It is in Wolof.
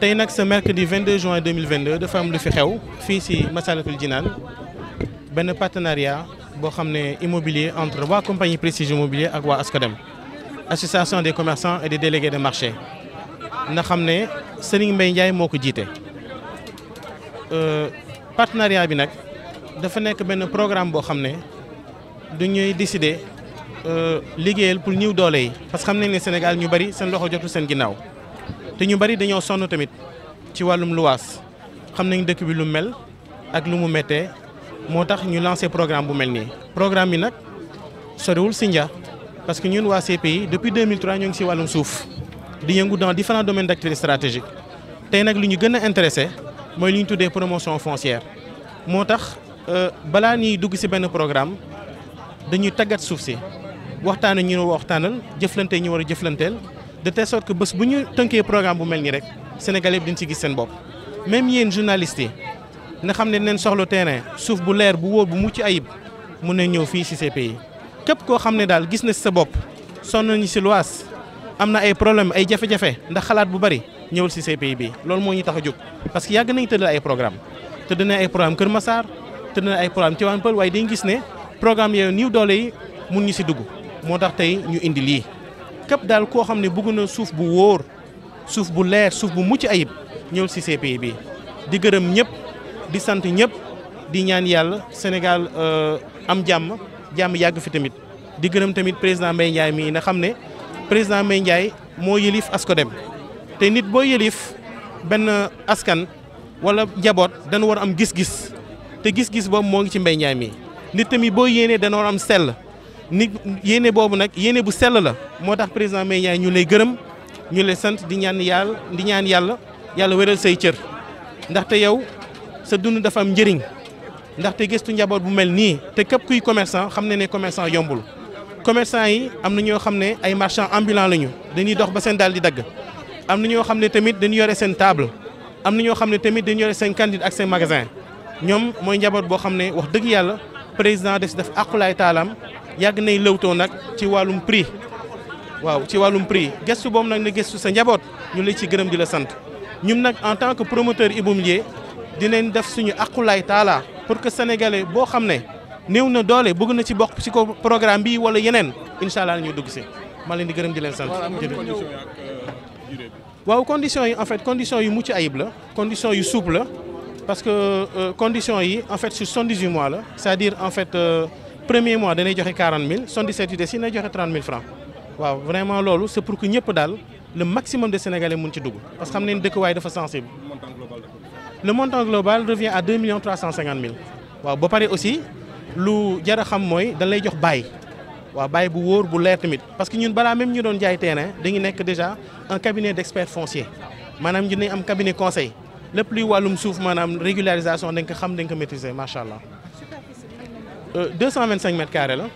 ce mercredi 22 juin 2022 dafa am lu fi xew fi ci Massalikul Jinaan ben partenariat bo xamné immobilier entre trois compagnie Prestige Immobilier ak wa Askadem association des commerçants et des délégués de marché na xamné Serigne Mbaye Ndiaye moko jité euh partenariat bi nak dafa nek programme pour xamné duñuy décider euh décider pour ñiw doole parce que xamné sommes Sénégal ñu bari seen loxo jotu seen ginnaw te ñu bari dañoo sonn tamit ci wàllum luwaas xam nañ dëkk bi lu mel ak lu mu méttee moo tax ñu lancé programme bu mel nii. programme bi nag soriwul Sindia parce que ñun waa pays depuis 2003 ñu ngi ci wàllum suuf di yëngu dans différents domaines d'activité stratégique tey nag lu ñu gën intéressé mooy li ñu tuddee promotion foncière moo tax euh, balaa ñuy dugg ci benn programme dañuy tàggat suuf si waxtaan ñu war a waxtaanal jëflante ñu war a jëflanteel. de telle sorte que bés bu ñu tënkee programme bu mel nii rek sénégalais bi dañ ci gis seen bopp même yéen journaliste yi nga xam ne dinañ soxla terrain suuf bu leer bu wóor bu mucc ayib mun nañ ñëw fii ci CPI. képp koo xam ne daal gis na sa bopp sonn nañu ci luwaas am na ay problème ay jafe-jafe ndax xalaat bu bari ñëwal ci pays bi loolu moo ñu tax a jóg parce que yàgg nañ tëddal ay programme tëdd na ay programme Kër Massar tëdd na ay programme Tivaouane Peulh waaye dañ gis ne programme yooyu niw doole yi mun ñu ci dugg moo tax tey ñu indi lii képp daal koo xam ne bëgg na suuf bu wóor suuf bu leer suuf bu mucc ayib ñëw si CPI bi di gërëm ñëpp di sant ñëpp di ñaan yàlla Sénégal euh, am jàmm jàmm yàgg fi tamit di gërëm tamit président Mbaye Ndiaye mii na xam ne président Mbaye Ndiaye moo yëlif Ascodem te nit boo yëlif benn askan wala njaboot dana war am gis-gis te gis-gis boobu moo ngi ci Mbaye Ndiaye mii nit tamit boo yéenee dana war am sell nit yéene boobu nag yéene bu sell la moo tax président may ñu lay gërëm ñu lay sant di ñaan yàlla di ñaan yàlla yàlla wéral say cër ndaxte yow sa dund dafa am njëriñ ndaxte gëstu njaboot bu mel nii te képp kuy commerçant xam na ne commerçant yombul. commerçant yi am na ñoo xam ne ay marchand ambulant lañu dañuy dox ba seen daal di dagg am na ñoo xam ne tamit dañu yore seen table am na ñoo xam ne tamit dañu yore seen cantine ak seen magasin ñoom mooy njaboot boo xam ne wax dëgg yàlla président def def àqulaay taalam yàgg nay nak ci walum prix waaw ci walum prix gëstu bom nak ne gëstu sa njabot ñu lay ci gërëm di la sant ñum nak en tant que promoteur immobilier dinañ def suñu aqulaay taala pour que sénégalais bo xamné new na doole bëgg na ci bokk ci ko programme bi wala yenen inshallah ñu dugg ci ma leen di gërëm di leen sant. Euh, waaw condition yi en fait condition yu mucc ayib la condition yu souple parce que euh, condition yi en fait sur 78 mois la c'est-à-dire en fait. Euh, premier mois y a 40 000 77 17 des yi 30 000 francs vraiment c'est pour que le maximum de sénégalais mun ci parce que nous avons dëkkuwaay est sensible. le montant global revient à 2 350 000 Si vous parlez aussi lu jar a xam mooy dañ lay jox parce que nous, avons même déjà un cabinet d'experts fonciers Nous avons un cabinet conseil plus luy wàllum c'est la régularisation dañ ko xam dañ ko maîtriser 225 euh, mètres carrés là...